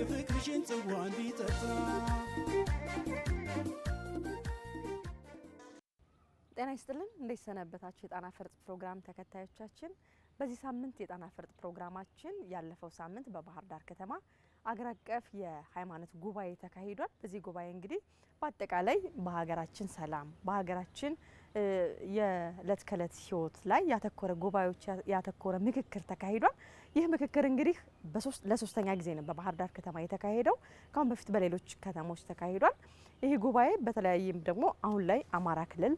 የፍቅርሽን ጤና ይስጥልን። እንዴት ሰነበታችሁ? የጣና ፈርጥ ፕሮግራም ተከታዮቻችን፣ በዚህ ሳምንት የጣና ፈርጥ ፕሮግራማችን ያለፈው ሳምንት በባህር ዳር ከተማ አገር አቀፍ የሃይማኖት ጉባኤ ተካሂዷል። በዚህ ጉባኤ እንግዲህ በአጠቃላይ በሀገራችን ሰላም፣ በሀገራችን የእለት ከእለት ህይወት ላይ ያተኮረ ጉባኤዎች ያተኮረ ምክክር ተካሂዷል። ይህ ምክክር እንግዲህ ለሶስተኛ ጊዜ ነው በባህር ዳር ከተማ የተካሄደው። ካሁን በፊት በሌሎች ከተሞች ተካሂዷል። ይህ ጉባኤ በተለያይም ደግሞ አሁን ላይ አማራ ክልል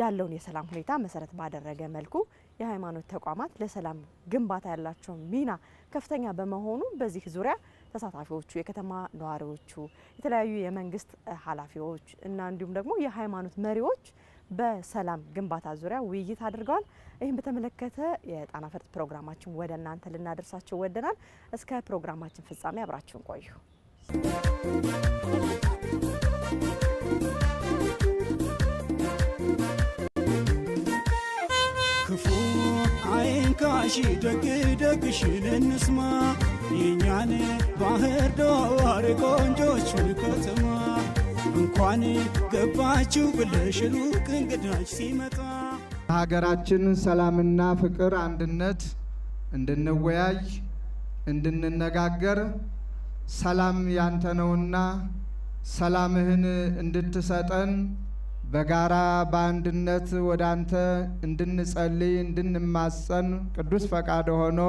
ያለውን የሰላም ሁኔታ መሰረት ባደረገ መልኩ የሃይማኖት ተቋማት ለሰላም ግንባታ ያላቸውን ሚና ከፍተኛ በመሆኑ በዚህ ዙሪያ ተሳታፊዎቹ፣ የከተማ ነዋሪዎቹ፣ የተለያዩ የመንግስት ኃላፊዎች እና እንዲሁም ደግሞ የሃይማኖት መሪዎች በሰላም ግንባታ ዙሪያ ውይይት አድርገዋል። ይህም በተመለከተ የጣና ፈርጥ ፕሮግራማችን ወደ እናንተ ልናደርሳቸው ወደናል። እስከ ፕሮግራማችን ፍጻሜ አብራችሁን ቆዩ። ክፉ አይንካሽ፣ ደግ ደግሽን እንስማ የእኛን ባህር ዳር ቆንጆችን ከተማ እንኳን ገባችሁ ብለሽ ሩቅ እንግዳሽ ሲመጣ ሀገራችን ሰላምና ፍቅር፣ አንድነት እንድንወያይ እንድንነጋገር ሰላም ያንተ ነውና ሰላምህን እንድትሰጠን በጋራ በአንድነት ወደ አንተ እንድንጸልይ እንድንማጸን ቅዱስ ፈቃድ ሆኖ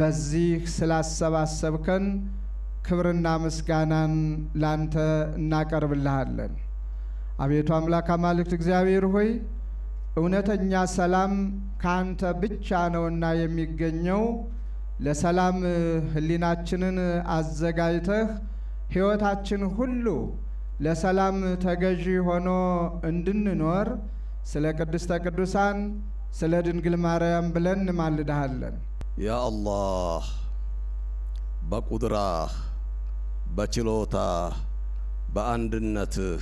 በዚህ ስላሰባሰብከን ክብርና ምስጋናን ላንተ እናቀርብልሃለን። አቤቱ አምላክ አማልክት እግዚአብሔር ሆይ እውነተኛ ሰላም ከአንተ ብቻ ነውና የሚገኘው። ለሰላም ህሊናችንን አዘጋጅተህ ሕይወታችን ሁሉ ለሰላም ተገዢ ሆኖ እንድንኖር ስለ ቅድስተ ቅዱሳን ስለ ድንግል ማርያም ብለን እንማልድሃለን። ያ አላህ በቁድራህ በችሎታ በአንድነትህ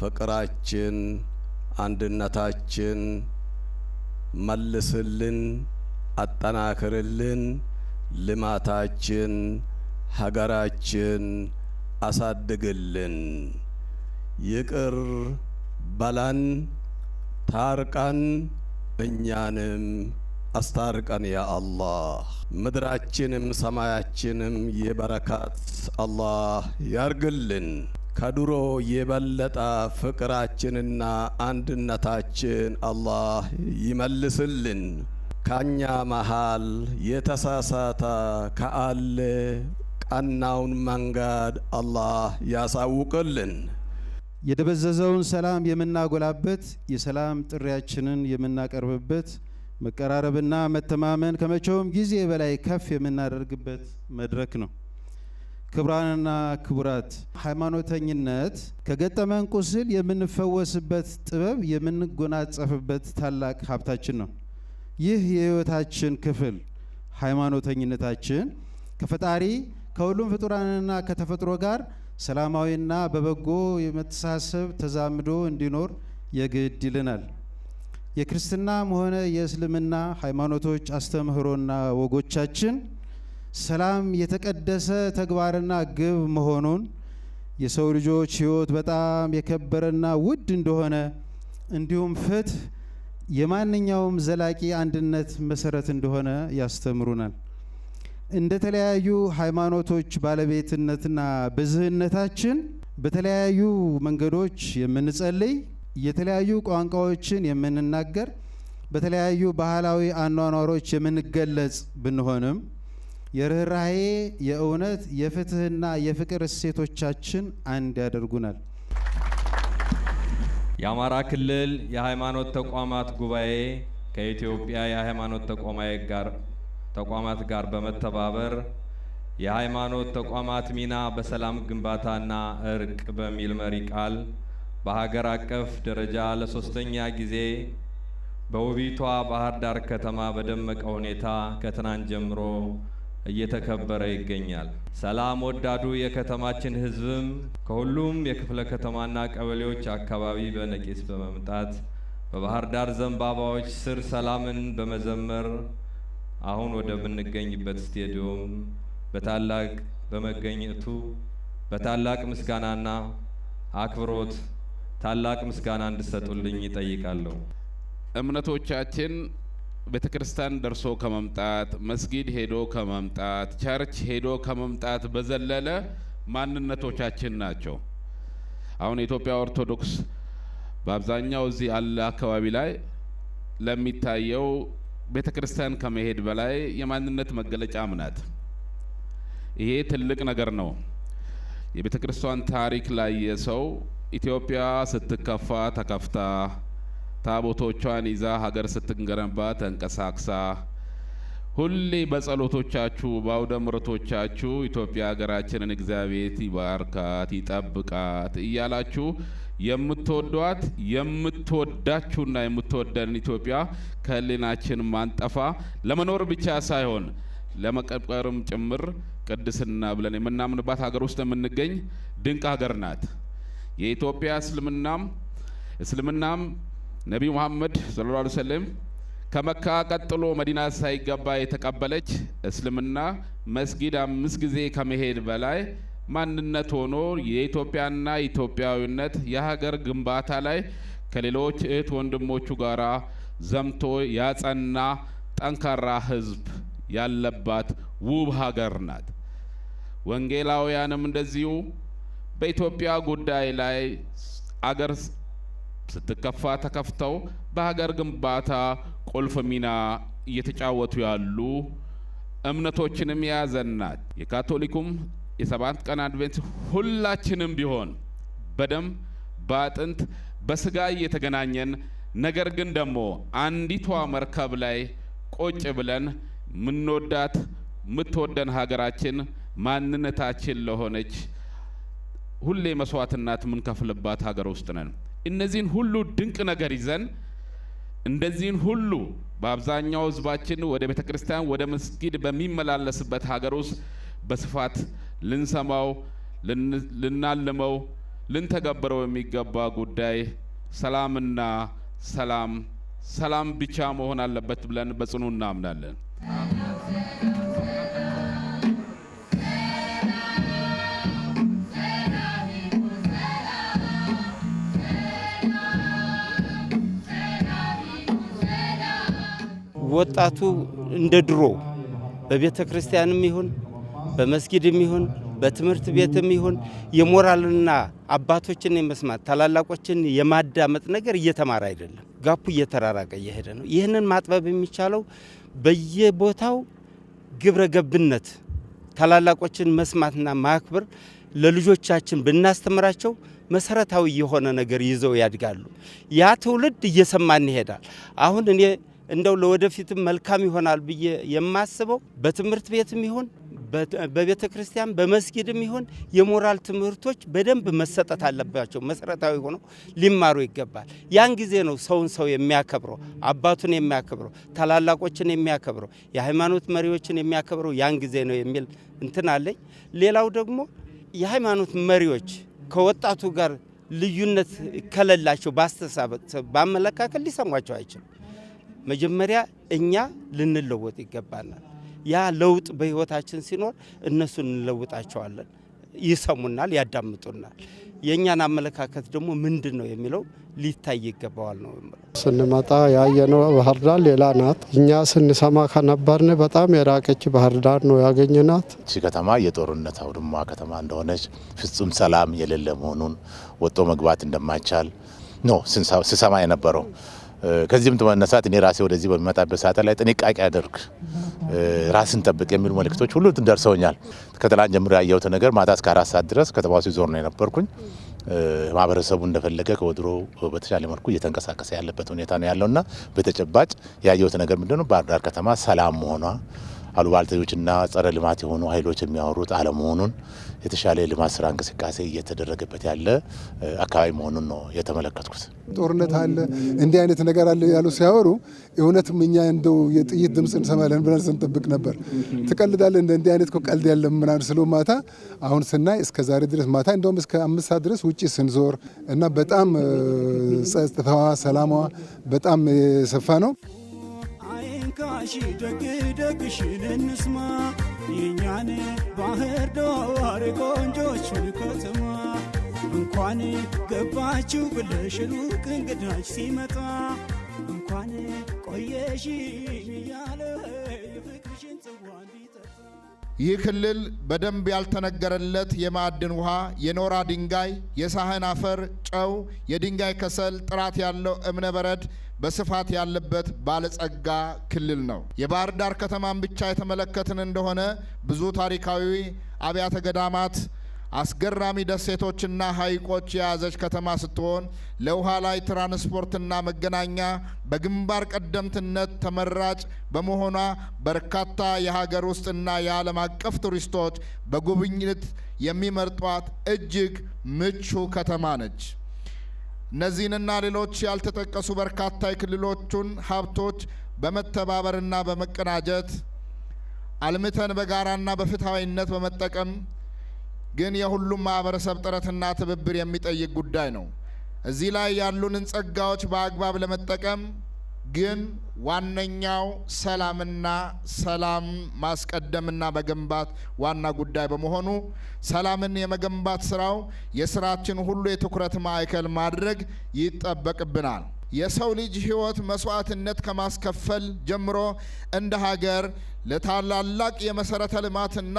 ፍቅራችን አንድነታችን መልስልን፣ አጠናክርልን። ልማታችን ሀገራችን አሳድግልን። ይቅር በላን ታርቃን እኛንም አስታርቀን ያ አላህ። ምድራችንም ሰማያችንም የበረካት አላህ ያርግልን። ከድሮ የበለጠ ፍቅራችንና አንድነታችን አላህ ይመልስልን። ከኛ መሃል የተሳሳተ ከአለ ቀናውን መንገድ አላህ ያሳውቅልን። የደበዘዘውን ሰላም የምናጎላበት የሰላም ጥሪያችንን የምናቀርብበት መቀራረብና መተማመን ከመቼውም ጊዜ በላይ ከፍ የምናደርግበት መድረክ ነው። ክቡራንና ክቡራት፣ ሃይማኖተኝነት ከገጠመን ቁስል የምንፈወስበት ጥበብ የምንጎናጸፍበት ታላቅ ሀብታችን ነው። ይህ የህይወታችን ክፍል ሃይማኖተኝነታችን ከፈጣሪ ከሁሉም ፍጡራንና ከተፈጥሮ ጋር ሰላማዊና በበጎ የመተሳሰብ ተዛምዶ እንዲኖር የግድ ይልናል። የክርስትናም ሆነ የእስልምና ሃይማኖቶች አስተምህሮና ወጎቻችን ሰላም የተቀደሰ ተግባርና ግብ መሆኑን የሰው ልጆች ሕይወት በጣም የከበረና ውድ እንደሆነ እንዲሁም ፍትህ የማንኛውም ዘላቂ አንድነት መሰረት እንደሆነ ያስተምሩናል። እንደተለያዩ ሃይማኖቶች ባለቤትነትና ብዝህነታችን በተለያዩ መንገዶች የምንጸልይ የተለያዩ ቋንቋዎችን የምንናገር በተለያዩ ባህላዊ አኗኗሮች የምንገለጽ ብንሆንም የርኅራሄ፣ የእውነት፣ የፍትህና የፍቅር እሴቶቻችን አንድ ያደርጉናል። የአማራ ክልል የሃይማኖት ተቋማት ጉባኤ ከኢትዮጵያ የሃይማኖት ተቋማት ጋር በመተባበር የሃይማኖት ተቋማት ሚና በሰላም ግንባታና እርቅ በሚል መሪ ቃል በሀገር አቀፍ ደረጃ ለሶስተኛ ጊዜ በውቢቷ ባህር ዳር ከተማ በደመቀ ሁኔታ ከትናንት ጀምሮ እየተከበረ ይገኛል። ሰላም ወዳዱ የከተማችን ህዝብም ከሁሉም የክፍለ ከተማና ቀበሌዎች አካባቢ በነቂስ በመምጣት በባህር ዳር ዘንባባዎች ስር ሰላምን በመዘመር አሁን ወደምንገኝበት ስቴዲዮም በታላቅ በመገኘቱ በታላቅ ምስጋናና አክብሮት ታላቅ ምስጋና እንድሰጡልኝ ይጠይቃለሁ። እምነቶቻችን ቤተ ክርስቲያን ደርሶ ከመምጣት መስጊድ ሄዶ ከመምጣት ቸርች ሄዶ ከመምጣት በዘለለ ማንነቶቻችን ናቸው። አሁን የኢትዮጵያ ኦርቶዶክስ በአብዛኛው እዚህ አለ አካባቢ ላይ ለሚታየው ቤተ ክርስቲያን ከመሄድ በላይ የማንነት መገለጫም ናት። ይሄ ትልቅ ነገር ነው። የቤተ ክርስቲያን ታሪክ ላይ የሰው ኢትዮጵያ ስትከፋ ተከፍታ ታቦቶቿን ይዛ ሀገር ስትንገነባ ተንቀሳቅሳ ሁሌ በጸሎቶቻችሁ በአውደ ምረቶቻችሁ ኢትዮጵያ ሀገራችንን እግዚአብሔር ይባርካት ይጠብቃት እያላችሁ የምትወዷት የምትወዳችሁና የምትወደን ኢትዮጵያ ከህሊናችን ማንጠፋ ለመኖር ብቻ ሳይሆን ለመቀቀርም ጭምር ቅድስና ብለን የምናምንባት ሀገር ውስጥ የምንገኝ ድንቅ ሀገር ናት። የኢትዮጵያ እስልምናም እስልምናም ነቢ ሙሐመድ ሰለላሁ ዐለይሂ ወሰለም ከመካ ቀጥሎ መዲና ሳይገባ የተቀበለች እስልምና መስጊድ አምስት ጊዜ ከመሄድ በላይ ማንነት ሆኖ የኢትዮጵያና ኢትዮጵያዊነት የሀገር ግንባታ ላይ ከሌሎች እህት ወንድሞቹ ጋር ዘምቶ ያጸና ጠንካራ ሕዝብ ያለባት ውብ ሀገር ናት። ወንጌላውያንም እንደዚሁ በኢትዮጵያ ጉዳይ ላይ አገር ስትከፋ ተከፍተው በሀገር ግንባታ ቁልፍ ሚና እየተጫወቱ ያሉ እምነቶችንም የያዘናት የካቶሊኩም የሰባት ቀን አድቬንት ሁላችንም ቢሆን በደም በአጥንት በስጋ እየተገናኘን ነገር ግን ደግሞ አንዲቷ መርከብ ላይ ቁጭ ብለን ምንወዳት ምትወደን ሀገራችን ማንነታችን ለሆነች ሁሌ መስዋዕትናት የምንከፍልባት ሀገር ውስጥ ነን። እነዚህን ሁሉ ድንቅ ነገር ይዘን እንደዚህን ሁሉ በአብዛኛው ህዝባችን ወደ ቤተ ክርስቲያን ወደ መስጊድ በሚመላለስበት ሀገር ውስጥ በስፋት ልንሰማው፣ ልናልመው፣ ልንተገብረው የሚገባ ጉዳይ ሰላምና ሰላም ሰላም ብቻ መሆን አለበት ብለን በጽኑ እናምናለን። ወጣቱ እንደ ድሮ በቤተ ክርስቲያንም ይሁን በመስጊድም ይሁን በትምህርት ቤትም ይሁን የሞራልና አባቶችን የመስማት ታላላቆችን የማዳመጥ ነገር እየተማረ አይደለም። ጋፑ እየተራራቀ እየሄደ ነው። ይህንን ማጥበብ የሚቻለው በየቦታው ግብረ ገብነት፣ ታላላቆችን መስማትና ማክበር ለልጆቻችን ብናስተምራቸው መሰረታዊ የሆነ ነገር ይዘው ያድጋሉ። ያ ትውልድ እየሰማን ይሄዳል። አሁን እኔ እንደው ለወደፊትም መልካም ይሆናል ብዬ የማስበው በትምህርት ቤትም ይሁን በቤተ ክርስቲያን በመስጊድም ይሁን የሞራል ትምህርቶች በደንብ መሰጠት አለባቸው። መሰረታዊ ሆነው ሊማሩ ይገባል። ያን ጊዜ ነው ሰውን ሰው የሚያከብረው፣ አባቱን የሚያከብረው፣ ታላላቆችን የሚያከብረው፣ የሃይማኖት መሪዎችን የሚያከብረው ያን ጊዜ ነው የሚል እንትን አለኝ። ሌላው ደግሞ የሃይማኖት መሪዎች ከወጣቱ ጋር ልዩነት ከሌላቸው በአስተሳሰብ በአመለካከት ሊሰሟቸው አይችልም። መጀመሪያ እኛ ልንለወጥ ይገባናል። ያ ለውጥ በህይወታችን ሲኖር እነሱን እንለውጣቸዋለን። ይሰሙናል፣ ያዳምጡናል። የእኛን አመለካከት ደግሞ ምንድን ነው የሚለው ሊታይ ይገባዋል ነው ስንመጣ ያየነው ባህር ዳር ሌላ ናት። እኛ ስንሰማ ከነበርን በጣም የራቀች ባህር ዳር ነው ያገኘናት። እቺ ከተማ የጦርነት አውድማ ከተማ እንደሆነች ፍጹም ሰላም የሌለ መሆኑን ወጦ መግባት እንደማይቻል ነው ስሰማ የነበረው። ከዚህም በመነሳት እኔ ራሴ ወደዚህ በሚመጣበት ሰዓት ላይ ጥንቃቄ አደርግ፣ ራስን ጠብቅ የሚሉ መልእክቶች ሁሉ ደርሰውኛል። ከትላንት ጀምሮ ያየሁት ነገር ማታ እስከ አራት ሰዓት ድረስ ከተማው ሲዞር ነው የነበርኩኝ። ማህበረሰቡ እንደፈለገ ከወድሮ በተሻለ መልኩ እየተንቀሳቀሰ ያለበት ሁኔታ ነው ያለውና በተጨባጭ ያየሁት ነገር ምንድነው ባህር ዳር ከተማ ሰላም መሆኗ አሉባልተኞችና ጸረ ልማት የሆኑ ኃይሎች የሚያወሩት አለመሆኑን የተሻለ የልማት ስራ እንቅስቃሴ እየተደረገበት ያለ አካባቢ መሆኑን ነው የተመለከትኩት። ጦርነት አለ እንዲህ አይነት ነገር አለ ያሉ ሲያወሩ እውነትም እኛ እንደው የጥይት ድምፅ እንሰማለን ብለን ስንጠብቅ ነበር። ትቀልዳለ እንደ እንዲህ አይነት ቀልድ ያለ ምናምን ስለ ማታ አሁን ስናይ እስከ ዛሬ ድረስ ማታ እንደውም እስከ አምስት ሰዓት ድረስ ውጭ ስንዞር እና በጣም ጸጥታዋ ሰላሟ በጣም የሰፋ ነው። ካሺ ደግ ደግሽን እንስማ የእኛን ባህር ዳር ቆንጆችን ከተማ እንኳን ገባችሁ ብለሽ ሩቅ እንግዳች ሲመጣ እንኳን ቆየሽ ይህ ክልል በደንብ ያልተነገረለት የማዕድን ውሃ፣ የኖራ ድንጋይ፣ የሳህን አፈር፣ ጨው፣ የድንጋይ ከሰል ጥራት ያለው እብነ በረድ በስፋት ያለበት ባለጸጋ ክልል ነው። የባህር ዳር ከተማን ብቻ የተመለከትን እንደሆነ ብዙ ታሪካዊ አብያተ ገዳማት አስገራሚ ደሴቶችና ሐይቆች የያዘች ከተማ ስትሆን ለውሃ ላይ ትራንስፖርትና መገናኛ በግንባር ቀደምትነት ተመራጭ በመሆኗ በርካታ የሀገር ውስጥና የዓለም አቀፍ ቱሪስቶች በጉብኝት የሚመርጧት እጅግ ምቹ ከተማ ነች። እነዚህንና ሌሎች ያልተጠቀሱ በርካታ የክልሎቹን ሀብቶች በመተባበርና በመቀናጀት አልምተን በጋራና በፍትሐዊነት በመጠቀም ግን የሁሉም ማህበረሰብ ጥረትና ትብብር የሚጠይቅ ጉዳይ ነው። እዚህ ላይ ያሉንን ጸጋዎች በአግባብ ለመጠቀም ግን ዋነኛው ሰላምና ሰላም ማስቀደምና መገንባት ዋና ጉዳይ በመሆኑ ሰላምን የመገንባት ስራው የስራችን ሁሉ የትኩረት ማዕከል ማድረግ ይጠበቅብናል። የሰው ልጅ ህይወት መስዋዕትነት ከማስከፈል ጀምሮ እንደ ሀገር ለታላላቅ የመሰረተ ልማትና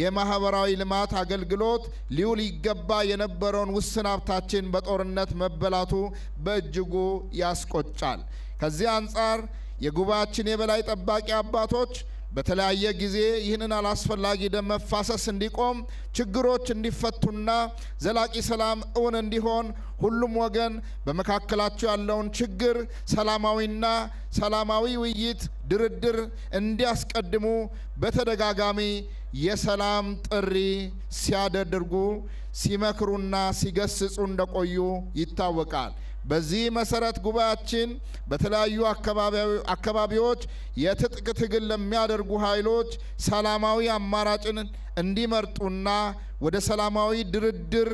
የማህበራዊ ልማት አገልግሎት ሊውል ይገባ የነበረውን ውስን ሀብታችን በጦርነት መበላቱ በእጅጉ ያስቆጫል። ከዚህ አንጻር የጉባኤያችን የበላይ ጠባቂ አባቶች በተለያየ ጊዜ ይህንን አላስፈላጊ ደም መፋሰስ እንዲቆም ችግሮች እንዲፈቱና ዘላቂ ሰላም እውን እንዲሆን ሁሉም ወገን በመካከላቸው ያለውን ችግር ሰላማዊና ሰላማዊ ውይይት፣ ድርድር እንዲያስቀድሙ በተደጋጋሚ የሰላም ጥሪ ሲያደርጉ ሲመክሩና ሲገስጹ እንደቆዩ ይታወቃል። በዚህ መሰረት ጉባኤያችን በተለያዩ አካባቢዎች የትጥቅ ትግል ለሚያደርጉ ኃይሎች ሰላማዊ አማራጭን እንዲመርጡና ወደ ሰላማዊ ድርድር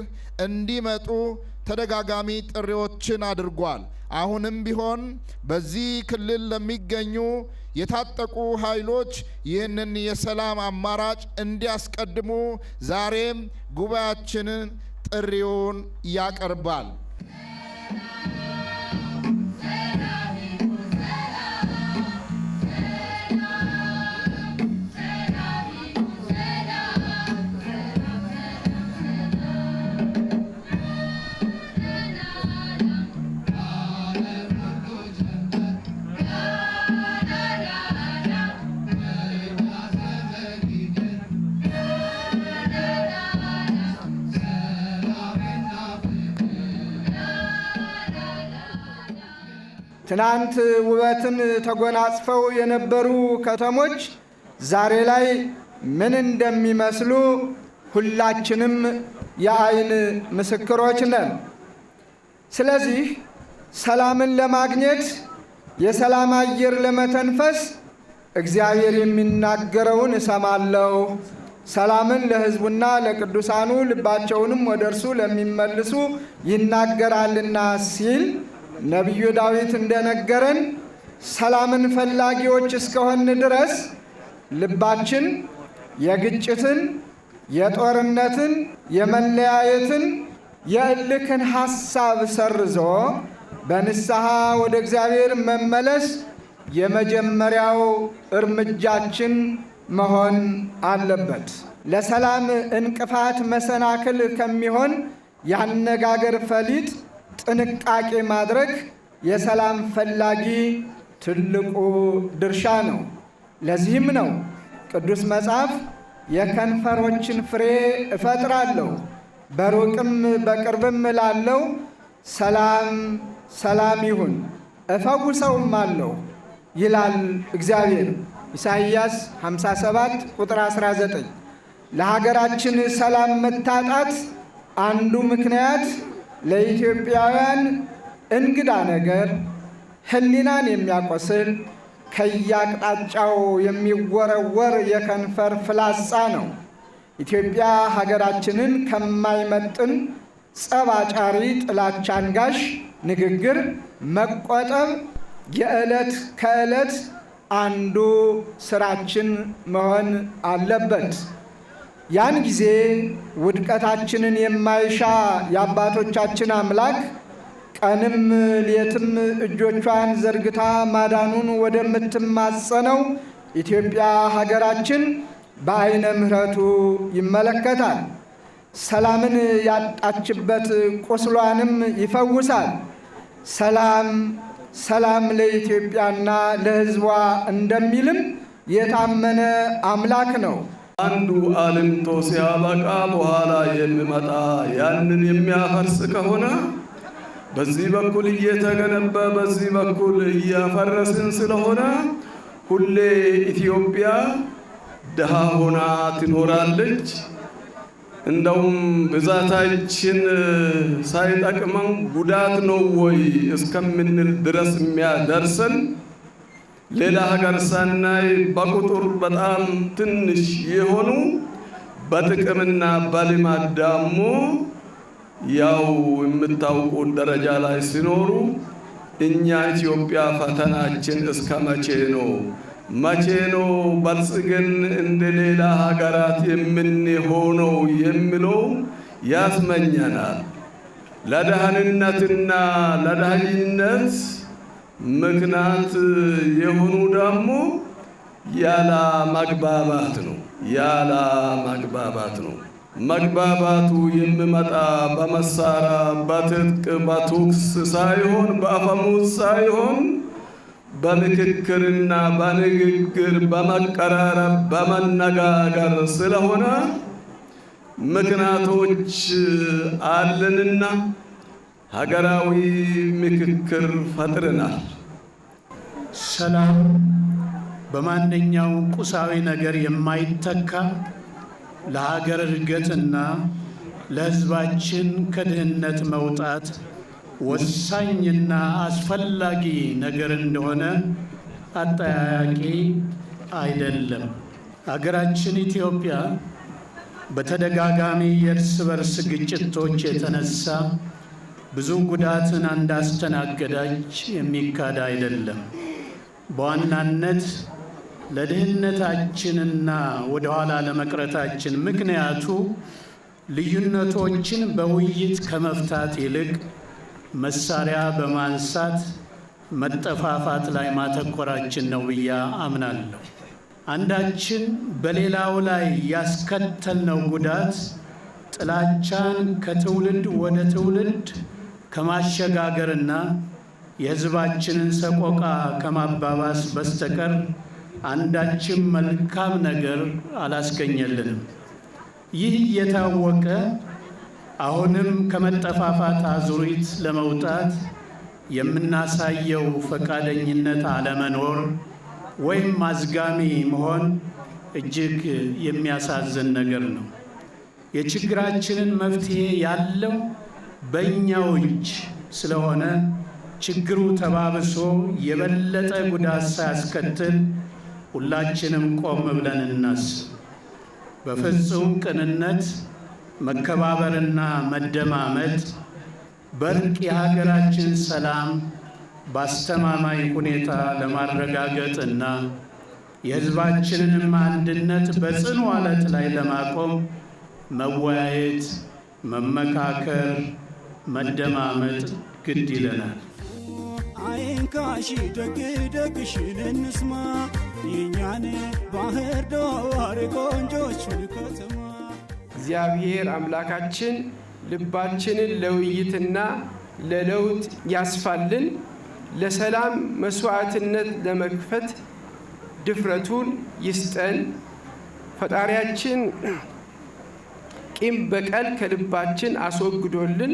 እንዲመጡ ተደጋጋሚ ጥሪዎችን አድርጓል። አሁንም ቢሆን በዚህ ክልል ለሚገኙ የታጠቁ ኃይሎች ይህንን የሰላም አማራጭ እንዲያስቀድሙ ዛሬም ጉባኤያችንን ጥሪውን ያቀርባል። ትናንት ውበትን ተጎናጽፈው የነበሩ ከተሞች ዛሬ ላይ ምን እንደሚመስሉ ሁላችንም የአይን ምስክሮች ነን። ስለዚህ ሰላምን ለማግኘት የሰላም አየር ለመተንፈስ እግዚአብሔር የሚናገረውን እሰማለሁ። ሰላምን ለሕዝቡና ለቅዱሳኑ ልባቸውንም ወደ እርሱ ለሚመልሱ ይናገራልና ሲል ነቢዩ ዳዊት እንደነገረን ሰላምን ፈላጊዎች እስከሆን ድረስ ልባችን የግጭትን፣ የጦርነትን፣ የመለያየትን፣ የእልክን ሐሳብ ሰርዞ በንስሐ ወደ እግዚአብሔር መመለስ የመጀመሪያው እርምጃችን መሆን አለበት። ለሰላም እንቅፋት መሰናክል ከሚሆን የአነጋገር ፈሊጥ ጥንቃቄ ማድረግ የሰላም ፈላጊ ትልቁ ድርሻ ነው። ለዚህም ነው ቅዱስ መጽሐፍ የከንፈሮችን ፍሬ እፈጥራለሁ በሩቅም በቅርብም ላለው ሰላም ሰላም ይሁን እፈውሰውም አለው ይላል እግዚአብሔር። ኢሳይያስ 57 ቁጥር 19። ለሀገራችን ሰላም መታጣት አንዱ ምክንያት ለኢትዮጵያውያን እንግዳ ነገር፣ ሕሊናን የሚያቆስል ከያቅጣጫው የሚወረወር የከንፈር ፍላጻ ነው። ኢትዮጵያ ሀገራችንን ከማይመጥን ጸባጫሪ ጥላቻ አንጋሽ ንግግር መቆጠብ የዕለት ከዕለት አንዱ ስራችን መሆን አለበት። ያን ጊዜ ውድቀታችንን የማይሻ የአባቶቻችን አምላክ ቀንም ሌትም እጆቿን ዘርግታ ማዳኑን ወደምትማጸነው ኢትዮጵያ ሀገራችን በአይነ ምሕረቱ ይመለከታል። ሰላምን ያጣችበት ቁስሏንም ይፈውሳል። ሰላም ሰላም ለኢትዮጵያና ለሕዝቧ እንደሚልም የታመነ አምላክ ነው። አንዱ አልምቶ ሲያበቃ በኋላ የሚመጣ ያንን የሚያፈርስ ከሆነ በዚህ በኩል እየተገነባ በዚህ በኩል እያፈረስን ስለሆነ ሁሌ ኢትዮጵያ ድሃ ሆና ትኖራለች። እንደውም ብዛታችን ሳይጠቅመን ጉዳት ነው ወይ እስከምንል ድረስ የሚያደርሰን ሌላ ሀገር ሳናይ በቁጥር በጣም ትንሽ የሆኑ በጥቅምና በልማት ደግሞ ያው የምታውቁ ደረጃ ላይ ሲኖሩ እኛ ኢትዮጵያ ፈተናችን እስከ መቼ ነው? መቼ ነው በልጽግን እንደ ሌላ ሀገራት የምንሆነው የሚለው ያስመኘናል። ለደህንነትና ለዳህይነት ምክንያት የሆኑ ደግሞ ያለ መግባባት ነው። ያለ መግባባት ነው። መግባባቱ የሚመጣ በመሳሪያ በትጥቅ በቱክስ ሳይሆን በአፈሙዝ ሳይሆን በምክክርና በንግግር በመቀራረብ በመነጋገር ስለሆነ ምክንያቶች አለንና ሀገራዊ ምክክር ፈጥረናል። ሰላም በማንኛው ቁሳዊ ነገር የማይተካ ለሀገር እድገትና ለሕዝባችን ከድህነት መውጣት ወሳኝና አስፈላጊ ነገር እንደሆነ አጠያያቂ አይደለም። ሀገራችን ኢትዮጵያ በተደጋጋሚ የእርስ በርስ ግጭቶች የተነሳ ብዙ ጉዳትን እንዳስተናገዳች የሚካድ አይደለም። በዋናነት ለድህነታችንና ወደ ኋላ ለመቅረታችን ምክንያቱ ልዩነቶችን በውይይት ከመፍታት ይልቅ መሳሪያ በማንሳት መጠፋፋት ላይ ማተኮራችን ነው ብዬ አምናለሁ። አንዳችን በሌላው ላይ ያስከተልነው ጉዳት ጥላቻን ከትውልድ ወደ ትውልድ ከማሸጋገርና የሕዝባችንን ሰቆቃ ከማባባስ በስተቀር አንዳችም መልካም ነገር አላስገኘልንም። ይህ እየታወቀ አሁንም ከመጠፋፋት አዙሪት ለመውጣት የምናሳየው ፈቃደኝነት አለመኖር ወይም አዝጋሚ መሆን እጅግ የሚያሳዝን ነገር ነው። የችግራችንን መፍትሄ ያለው በእኛው እጅ ስለሆነ ችግሩ ተባብሶ የበለጠ ጉዳት ሳያስከትል ሁላችንም ቆም ብለን እናስብ። በፍጹም ቅንነት መከባበርና መደማመጥ በእርቅ የሀገራችን ሰላም በአስተማማኝ ሁኔታ ለማረጋገጥና የሕዝባችንንም አንድነት በጽኑ አለት ላይ ለማቆም መወያየት፣ መመካከር መደማመጥ ግድ ይለናል። አይንካሺ ደግ ደግሽን እንስማ የእኛን ባህር ዳር ቆንጆችን ከተማ እግዚአብሔር አምላካችን ልባችንን ለውይይትና ለለውጥ ያስፋልን። ለሰላም መስዋዕትነት ለመክፈት ድፍረቱን ይስጠን። ፈጣሪያችን ቂም በቀል ከልባችን አስወግዶልን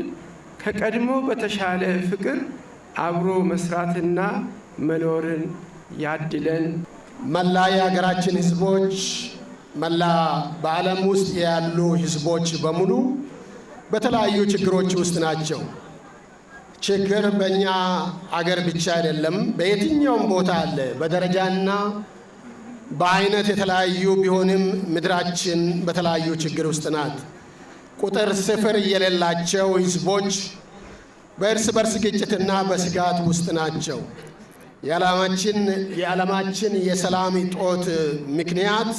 ከቀድሞ በተሻለ ፍቅር አብሮ መስራትና መኖርን ያድለን። መላ የሀገራችን ህዝቦች፣ መላ በዓለም ውስጥ ያሉ ህዝቦች በሙሉ በተለያዩ ችግሮች ውስጥ ናቸው። ችግር በእኛ አገር ብቻ አይደለም፣ በየትኛውም ቦታ አለ። በደረጃና በአይነት የተለያዩ ቢሆንም ምድራችን በተለያዩ ችግር ውስጥ ናት። ቁጥር ስፍር የሌላቸው ህዝቦች በእርስ በርስ ግጭትና በስጋት ውስጥ ናቸው። የዓለማችን የሰላም እጦት ምክንያት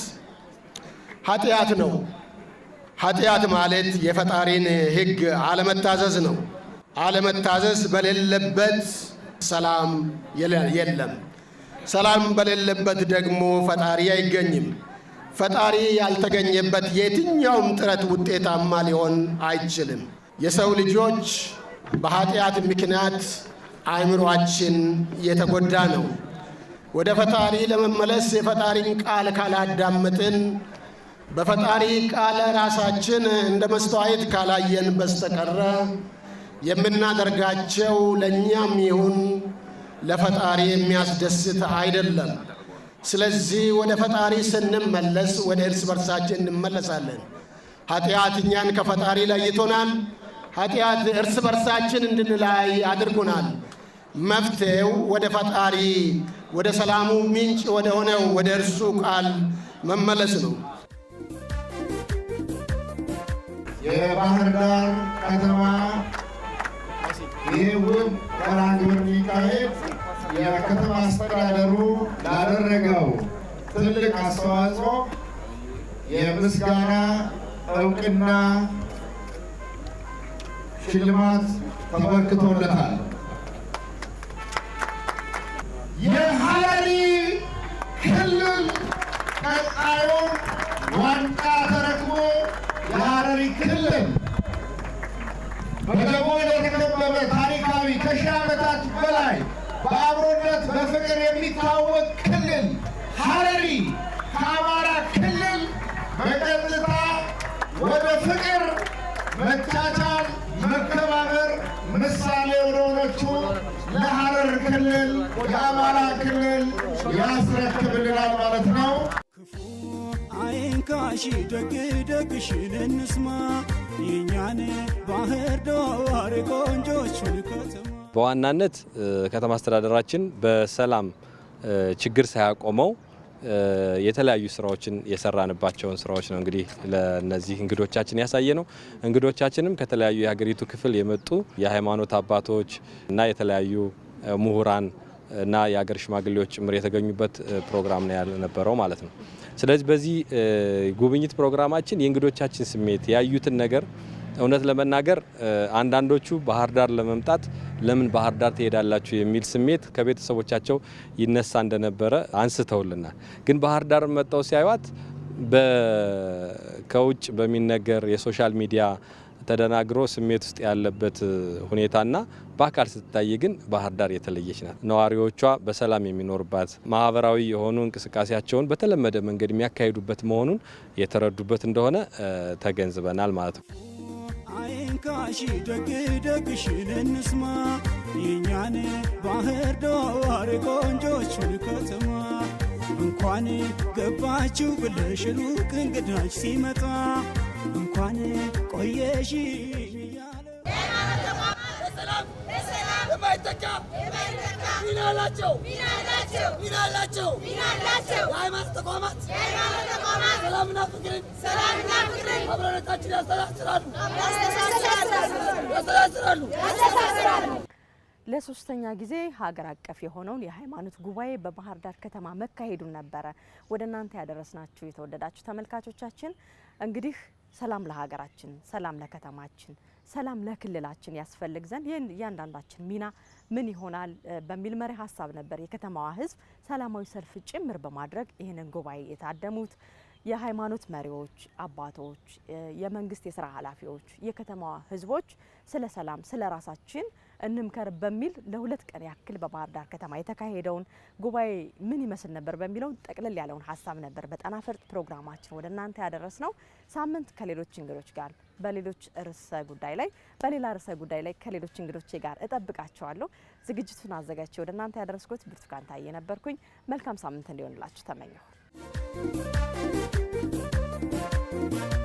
ኃጢአት ነው። ኃጢአት ማለት የፈጣሪን ሕግ አለመታዘዝ ነው። አለመታዘዝ በሌለበት ሰላም የለም። ሰላም በሌለበት ደግሞ ፈጣሪ አይገኝም። ፈጣሪ ያልተገኘበት የትኛውም ጥረት ውጤታማ ሊሆን አይችልም። የሰው ልጆች በኃጢአት ምክንያት አእምሯችን የተጎዳ ነው። ወደ ፈጣሪ ለመመለስ የፈጣሪን ቃል ካላዳመጥን፣ በፈጣሪ ቃል ራሳችን እንደ መስተዋየት ካላየን በስተቀረ የምናደርጋቸው ለእኛም ይሁን ለፈጣሪ የሚያስደስት አይደለም። ስለዚህ ወደ ፈጣሪ ስንመለስ ወደ እርስ በርሳችን እንመለሳለን። ኃጢአት እኛን ከፈጣሪ ለይቶናል። ኃጢአት እርስ በርሳችን እንድንለያይ አድርጎናል። መፍትሄው ወደ ፈጣሪ ወደ ሰላሙ ምንጭ ወደ ሆነው ወደ እርሱ ቃል መመለስ ነው። የባህር ዳር ከተማ ይህ ውብ መርሃ የከተማ አስተዳደሩ ላደረገው ትልቅ አስተዋጽኦ የምስጋና እውቅና ሽልማት ተበርክቶለታል። የሀረሪ ክልል ቀጣዩን ዋንጫ ተረክቦ የሀረሪ ክልል በደቦ የተከበበ ታሪካዊ ከሺህ ዓመታት በላይ በአብሮነት በፍቅር የሚታወቅ ክልል ሀረሪ ከአማራ ክልል በቀጥታ ወደ ፍቅር፣ መቻቻል፣ መከባበር ምሳሌ የሆነችው ለሀረር ክልል የአማራ ክልል ያስረክብልናል ማለት ነው። ክፉ አይንካሽ፣ ደግ ደግሽን እንስማ የእኛን ባህር ዳር ቆንጆች ምልከት በዋናነት ከተማ አስተዳደራችን በሰላም ችግር ሳያቆመው የተለያዩ ስራዎችን የሰራንባቸውን ስራዎች ነው እንግዲህ ለነዚህ እንግዶቻችን ያሳየ ነው። እንግዶቻችንም ከተለያዩ የሀገሪቱ ክፍል የመጡ የሃይማኖት አባቶች እና የተለያዩ ምሁራን እና የሀገር ሽማግሌዎች ጭምር የተገኙበት ፕሮግራም ነው ያልነበረው ማለት ነው። ስለዚህ በዚህ ጉብኝት ፕሮግራማችን የእንግዶቻችን ስሜት ያዩትን ነገር እውነት ለመናገር አንዳንዶቹ ባህር ዳር ለመምጣት ለምን ባህር ዳር ትሄዳላችሁ የሚል ስሜት ከቤተሰቦቻቸው ይነሳ እንደነበረ አንስተውልናል። ግን ባህር ዳር መጥተው ሲያዩት ከውጭ በሚነገር የሶሻል ሚዲያ ተደናግሮ ስሜት ውስጥ ያለበት ሁኔታና በአካል ስትታይ ግን ባህር ዳር የተለየች ናት። ነዋሪዎቿ በሰላም የሚኖርባት ማህበራዊ የሆኑ እንቅስቃሴያቸውን በተለመደ መንገድ የሚያካሂዱበት መሆኑን የተረዱበት እንደሆነ ተገንዝበናል ማለት ነው። አይንካሺ ደግ ደግሽን እንስማ የእኛን ባህር ዳር ቆንጆቹን ከተማ እንኳን ገባችው ብለሽ ሩቅ እንግዳች ሲመጣ እንኳን ቆየሽ የማይተካ ሚና አላቸው ሚና አላቸው። የሃይማኖት ተቋማት ሰላምና ፍቅርን አብረነታችን ያስተሳስራሉ። ለሶስተኛ ጊዜ ሀገር አቀፍ የሆነውን የሃይማኖት ጉባኤ በባህር ዳር ከተማ መካሄዱን ነበረ ወደ እናንተ ያደረስናችሁ የተወደዳችሁ ተመልካቾቻችን። እንግዲህ ሰላም ለሀገራችን፣ ሰላም ለከተማችን ሰላም ለክልላችን ያስፈልግ ዘንድ የእያንዳንዳችን ሚና ምን ይሆናል በሚል መሪ ሀሳብ ነበር የከተማዋ ህዝብ ሰላማዊ ሰልፍ ጭምር በማድረግ ይህንን ጉባኤ የታደሙት። የሃይማኖት መሪዎች፣ አባቶች፣ የመንግስት የስራ ኃላፊዎች፣ የከተማዋ ህዝቦች ስለ ሰላም፣ ስለ ራሳችን እንምከር በሚል ለሁለት ቀን ያክል በባህር ዳር ከተማ የተካሄደውን ጉባኤ ምን ይመስል ነበር በሚለው ጠቅልል ያለውን ሀሳብ ነበር በጣና ፈርጥ ፕሮግራማችን ወደ እናንተ ያደረስ ነው። ሳምንት ከሌሎች እንግዶች ጋር በሌሎች ርዕሰ ጉዳይ ላይ በሌላ ርዕሰ ጉዳይ ላይ ከሌሎች እንግዶቼ ጋር እጠብቃቸዋለሁ። ዝግጅቱን አዘጋጅቼ ወደ እናንተ ያደረስኩት ብርቱካን ታዬ ነበርኩኝ። መልካም ሳምንት እንዲሆንላችሁ ተመኘሁ። Thank you.